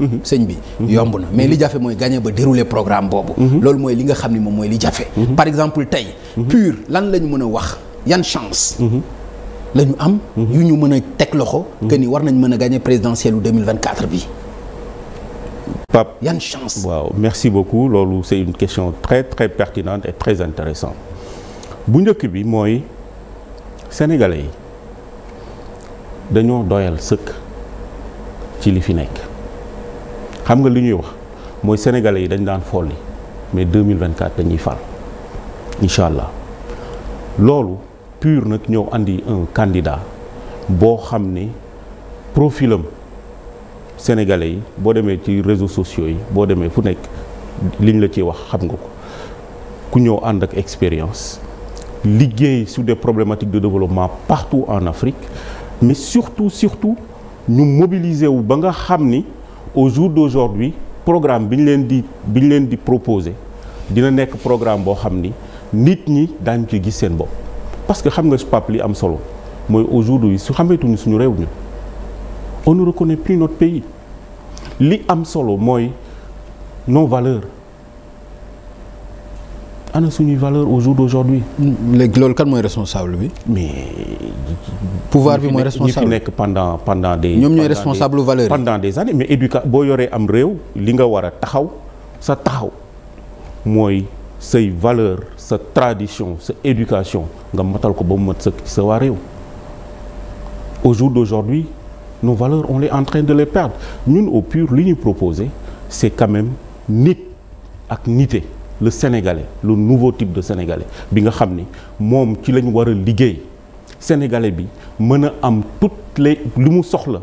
Mhm. sëñ bi mhm. yomb na mais li mhm. jafe mooy gagné ba dérouler programme boobu loolu mooy li nga xam ni moom mooy li jafe par exemple tey pur lan lañ mën a wax yan chance la am yu ñu mën a teg loxo que ni war nañ mën a gagné présidentielle u 2024 bi Pape yan chance waaw merci beaucoup loolu c'est une question très très pertinente et très intéressante bu njëkk bi mooy sénégalais yi dañoo doyal sëkk ci li fi nekk xam nga li ñuy wax mooy sénégalais yi dañ daan folli mais 2024 dañuy fal incha allah loolu pur nag ñëw andi un candidat boo xam ne profilam sénégalais yi boo demee ci réseau sociaux yi boo demee fu nekk liñ la ciy wax xam nga ko ku ñëw ànd ak expérience liggéey su des problématiques de développement partout en Afrique mais surtout surtout ñu mobiliser wu ba nga xam ni au jour d'aujourd'hui programme bi ñu leen di bi ñu leen di proposer dina nekk programme boo xam ni nit ñi daañu ci gis seen bopp parce que xam nga Pape li am solo mooy aujourd'hui su xameetuñu suñu réew ñu on ne reconnaît plus notre pays li am solo mooy nos valeur ana suñuy valeur au jour d'aujourd'hui léegi loolu kan mooy responsable bi. mais pouvoir bi mooy responsable ñi fi nekk pendant pendant des. ñoom ñooy responsable valeur pendant des années mais éduca boo yoree am réew li nga war a taxaw sa taxaw mooy say valeur sa tradition sa éducation nga matal ko ba mu mat sa sa waa réew. au jour d'aujourd'hui nos valeurs on est en train de les perdre ñun au pur li ñu proposé c'est quand même nit ak nité. le sénégalais le nouveau type de sénégalais bi nga xam ni moom ci lañu war a liggéey sénégalais bi mën a am toutes les li mu soxla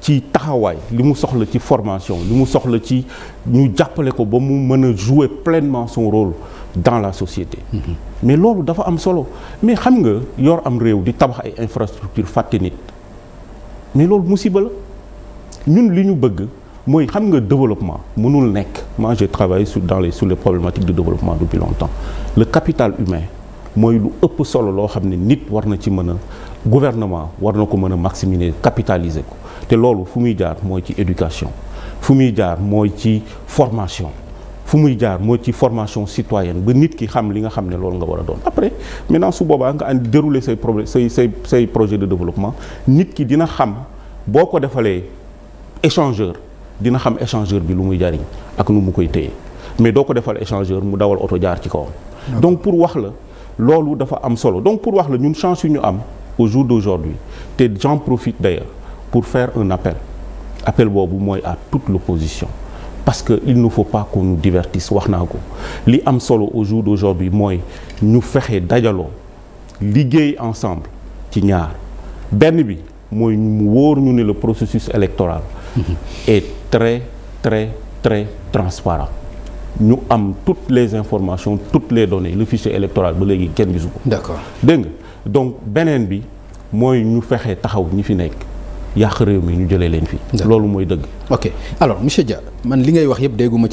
ci taxawaay li mu soxla ci formation li mu soxla ci ñu jàppale ko ba mu mën a jouer pleinement son role dans la société mm-hmm. mais loolu dafa am solo mais xam nga yor am réew di tabax ay infrastructure fàtte nit mais loolu musiba la ñun li ñu bëgg mooy xam nga développement mënul nekk moi j'ai su sur dans les sur les problématiques de développement depuis longtemps le capital humain mooy lu ëpp solo loo xam ne nit war na ci mën a gouvernement war na ko mën a maximiser capitaliser ko te loolu fu muy jaar mooy ci éducation fu muy jaar mooy ci formation fu muy jaar mooy ci formation citoyenne ba nit ki xam li nga xam ne loolu nga war a doon après maintenant su boobaa nga andi dérouler say problème say say say projet de développement nit ki dina xam boo ko defalee échangeur dina xam échangeur bi lu muy jariñ ak nu mu koy téye mais doo ko defal échangeur mu dawal oto jaar ci kawam. donc pour wax la loolu dafa am solo donc pour wax la ñun chance yu ñu am au jour d'aujourd'hui te j'en profite d'ailleurs pour fair un appel appel boobu mooy à toute l'opposition parce que il ne faut pas qu'on nous divertisse wax naa ko li am solo au jour d'aujourd'hui mooy ñu fexe dajaloo liggéey ensemble ci ñaar benn bi mooy mu wóor ñu ne le processus électoral mhm. très très très transparent ñu am toutes les informations toutes les données le fichier électoral ba léegi kenn gisu ko. d'accord dégg nga donc beneen bi mooy ñu fexe taxaw ñi fi nekk yàq réew mi ñu jëlee leen fi. loolu mooy dëgg. ok alors monsieur man li ngay wax yëpp dégguma ci.